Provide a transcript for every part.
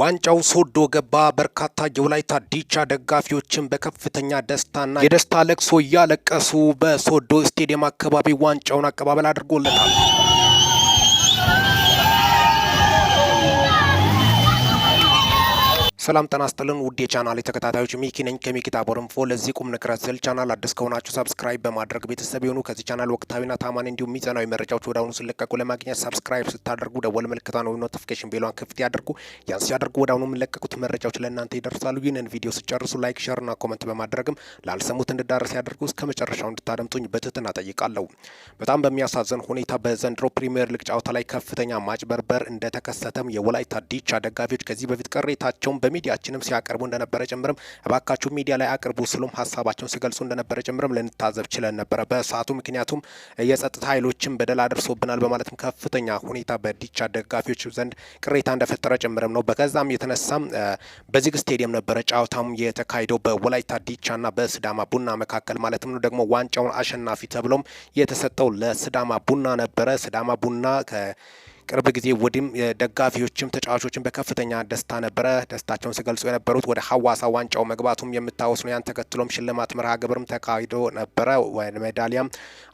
ዋንጫው ሶዶ ገባ። በርካታ የወላይታ ዲቻ ደጋፊዎችን በከፍተኛ ደስታና የደስታ ለቅሶ እያለቀሱ በሶዶ ስቴዲየም አካባቢ ዋንጫውን አቀባበል አድርጎለታል። ሰላም ጤና ይስጥልን ውድ የቻናል የተከታታዮች ሚኪ ነኝ ከሚኪታ ቦርንፎ። ለዚህ ቁም ንቅረት ስል ቻናል አዲስ ከሆናችሁ ሰብስክራይብ በማድረግ ቤተሰብ የሆኑ ከዚህ ቻናል ወቅታዊና ታማኝ እንዲሁም ሚዛናዊ መረጃዎች ወደ አሁኑ ሲለቀቁ ለማግኘት ሰብስክራይብ ስታደርጉ ደወል ምልክቷን ወይም ኖቲፊኬሽን ቤሏን ክፍት ያደርጉ። ያን ሲያደርጉ ወደ አሁኑ የሚለቀቁት መረጃዎች ለእናንተ ይደርሳሉ። ይህንን ቪዲዮ ስጨርሱ ላይክ፣ ሸርና ኮመንት በማድረግም ላልሰሙት እንድዳረስ ያደርጉ። እስከ መጨረሻው እንድታደምጡኝ በትህትና ጠይቃለሁ። በጣም በሚያሳዝን ሁኔታ በዘንድሮ ፕሪምየር ሊግ ጨዋታ ላይ ከፍተኛ ማጭበርበር እንደተከሰተም የወላይታ ዲቻ ደጋፊዎች ከዚህ በፊት ቅሬታቸውን ለሚዲያችንም ሲያቀርቡ እንደነበረ ጭምርም እባካችሁ ሚዲያ ላይ አቅርቡ ስሉም ሀሳባቸውን ሲገልጹ እንደነበረ ጭምርም ልንታዘብ ችለን ነበረ በሰዓቱ። ምክንያቱም የጸጥታ ኃይሎችም በደል አድርሶብናል በማለትም ከፍተኛ ሁኔታ በዲቻ ደጋፊዎች ዘንድ ቅሬታ እንደፈጠረ ጭምርም ነው። በከዛም የተነሳም በዚግ ስቴዲየም ነበረ ጨዋታም የተካሄደው በወላይታ ዲቻና በስዳማ ቡና መካከል ማለትም ነው። ደግሞ ዋንጫውን አሸናፊ ተብሎም የተሰጠው ለስዳማ ቡና ነበረ። ስዳማ ቡና ከ ቅርብ ጊዜ ወዲም ደጋፊዎችም ተጫዋቾችም በከፍተኛ ደስታ ነበረ ደስታቸውን ሲገልጹ የነበሩት ወደ ሀዋሳ ዋንጫው መግባቱም የምታወስ ነው። ያን ተከትሎም ሽልማት መርሃ ግብርም ተካሂዶ ነበረ። ሜዳሊያም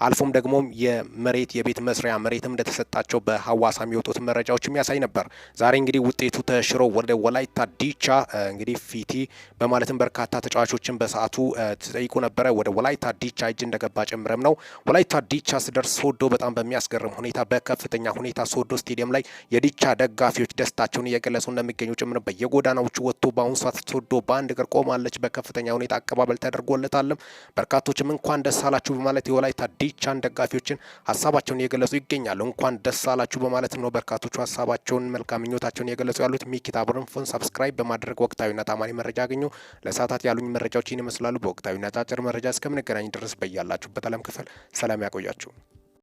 አልፎም ደግሞ የመሬት የቤት መስሪያ መሬትም እንደተሰጣቸው በሀዋሳ የሚወጡት መረጃዎች የሚያሳይ ነበር። ዛሬ እንግዲህ ውጤቱ ተሽሮ ወደ ወላይታ ዲቻ እንግዲህ ፊቲ በማለትም በርካታ ተጫዋቾችን በሰዓቱ ተጠይቁ ነበረ። ወደ ወላይታ ዲቻ እጅ እንደገባ ጭምርም ነው። ወላይታ ዲቻ ስደርስ ሶዶ በጣም በሚያስገርም ሁኔታ በከፍተኛ ሁኔታ ሶዶ ስቴዲየም ላይ የዲቻ ደጋፊዎች ደስታቸውን እየገለጹ እንደሚገኙ ጭምር በየጎዳናዎቹ ወጥቶ በአሁኑ ሰዓት ተወዶ በአንድ እግር ቆማለች። በከፍተኛ ሁኔታ አቀባበል ተደርጎለታለም። በርካቶችም እንኳን ደስ አላችሁ በማለት የወላይታ ዲቻን ደጋፊዎችን ሀሳባቸውን እየገለጹ ይገኛሉ። እንኳን ደስ አላችሁ በማለት ነው በርካቶቹ ሀሳባቸውን መልካም ምኞታቸውን እየገለጹ ያሉት። ሚኪታ ቡርንፎን ሰብስክራይብ በማድረግ ወቅታዊና ታማኝ መረጃ አገኙ። ለሰዓታት ያሉኝ መረጃዎች ይህን ይመስላሉ። በወቅታዊና አጫጭር መረጃ እስከምንገናኝ ድረስ በያላችሁበት አለም ክፍል ሰላም ያቆያችሁ።